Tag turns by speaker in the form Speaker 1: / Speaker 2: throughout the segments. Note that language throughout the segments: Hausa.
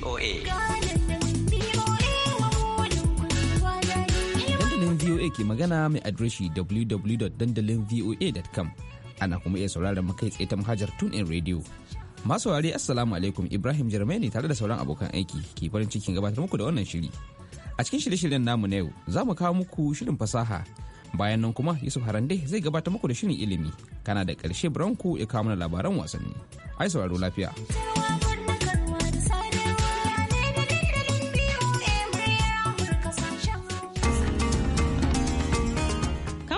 Speaker 1: VOA. VOA ke magana mai adireshi www.dandalinvoa.com ana kuma iya sauraron mu kai tsaye ta mahajar in Radio. Masu wari Assalamu alaikum Ibrahim Jarmai ne tare da sauran abokan aiki ke farin cikin gabatar muku da wannan shiri. A cikin shirye-shiryen namu na yau za mu kawo muku shirin fasaha bayan nan kuma Yusuf Harande zai gabatar muku da shirin ilimi kana da ƙarshe Branko ya kawo mana labaran wasanni. Ai sauraro lafiya.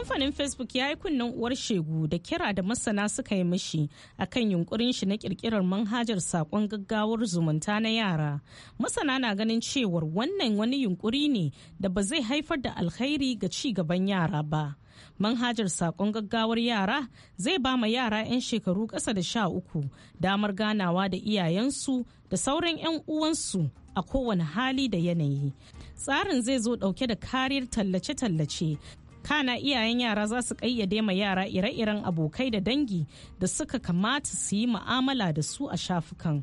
Speaker 2: Kamfanin Facebook ya yi kunnen uwar shegu da kira da masana suka yi mishi kan yunkurin shi na kirkirar manhajar sakon gaggawar zumunta na yara. Masana na ganin cewar wannan wani yunkuri ne da ba zai haifar da alkhairi ga ci gaban yara ba. manhajar sakon gaggawar yara zai ba ma yara 'yan shekaru ƙasa da sha uku damar ganawa da iyayensu da sauran 'yan uwansu a kowane hali da yanayi tsarin zai zo dauke da kariyar tallace-tallace kana iyayen yara za su kayyade ma yara ire-iren abokai da dangi da suka kamata su yi ma'amala da su a shafukan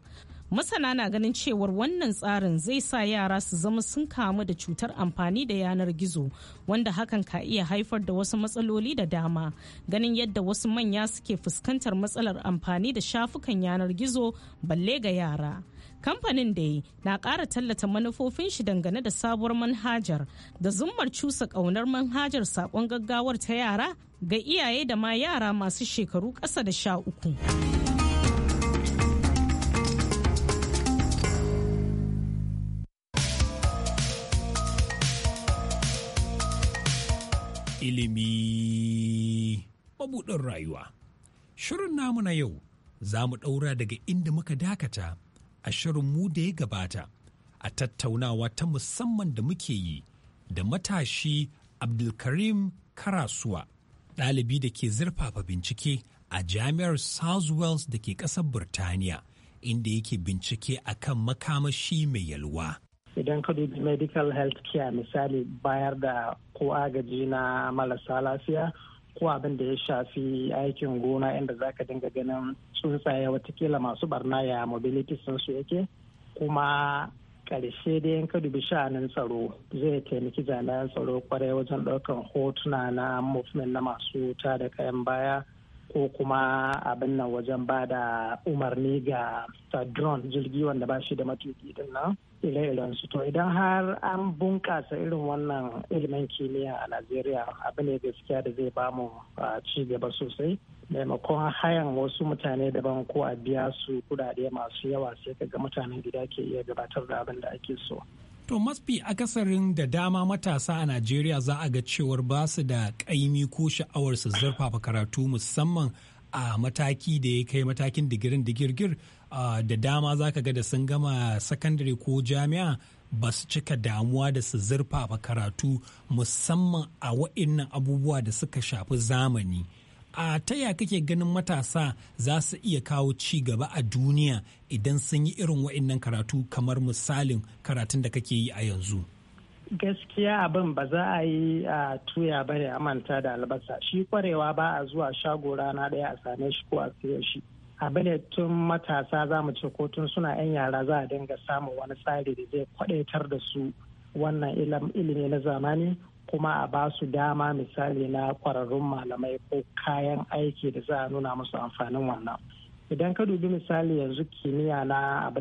Speaker 2: masana na ganin cewar wannan tsarin zai sa yara su zama sun kamu da cutar amfani da yanar gizo wanda hakan ka iya haifar da wasu matsaloli da dama ganin yadda wasu manya suke fuskantar matsalar amfani da shafukan yanar gizo balle ga yara kamfanin da na ƙara tallata manufofin shi dangane da sabuwar manhajar da zummar cusa ƙaunar manhajar saƙon gaggawar ta yara ga iyaye da ma yara masu shekaru ƙasa da sha uku.
Speaker 3: Ilimi mabuɗin rayuwa. Shirin namu na yau za mu ɗaura daga inda muka dakata. a shirin mu da ya gabata a tattaunawa ta musamman da muke yi da matashi Abdulkarim Karasuwa, ɗalibi da ke zurfafa bincike a jami'ar South Wales da ke ƙasar Burtaniya, inda yake bincike a kan makamashi mai yalwa.
Speaker 4: Idan ka dubi medical health care misali bayar da ko agaji na marasa lafiya ko abin da ya shafi aikin gona inda za ka dinga ganin tsuntsaye watakila masu barna ya mobility su yake kuma karshe dai yanka ka dubi sha'anin tsaro zai taimaki jami'an tsaro kwarai wajen ɗaukan hotuna na movement na masu wuta da kayan baya ko kuma abin nan wajen ba da umarni ga drone jirgi wanda ba shi da matuki din nan ire-iren su to idan har an bunkasa irin wannan ilimin kimiyya a najeriya abu ne gaskiya da zai bamu ci gaba sosai maimakon hayan wasu mutane daban ko a biya su kudade masu yawa sai kaga mutanen gida ke iya gabatar da abin da ake so
Speaker 3: To masfi akasarin da dama matasa a Najeriya za a ga cewar ba su da ƙaimi ko sha'awar su zurfafa karatu musamman a mataki da ya kai matakin digirin digirgir da dama za ka ga da sun gama sakandare ko jami'a ba su cika damuwa da su zurfafa karatu musamman a wa'innan abubuwa da suka shafi zamani. a ta ya kake ganin matasa za su iya kawo ci gaba a duniya idan sun yi irin wa'annan karatu kamar misalin karatun da kake yi a yanzu
Speaker 4: gaskiya abin ba za a yi a tuya ba a manta da albasa shi kwarewa ba a zuwa shago rana daya a same shi ko a siya shi abin ne tun matasa za mu ce ko tun suna 'yan yara za a dinga samun wani tsari da zai kwadaitar da su wannan ilimi na zamani kuma a ba su dama misali na kwararrun malamai ko kayan aiki da za a nuna musu amfanin wannan idan ka dubi misali yanzu kimiyya na abin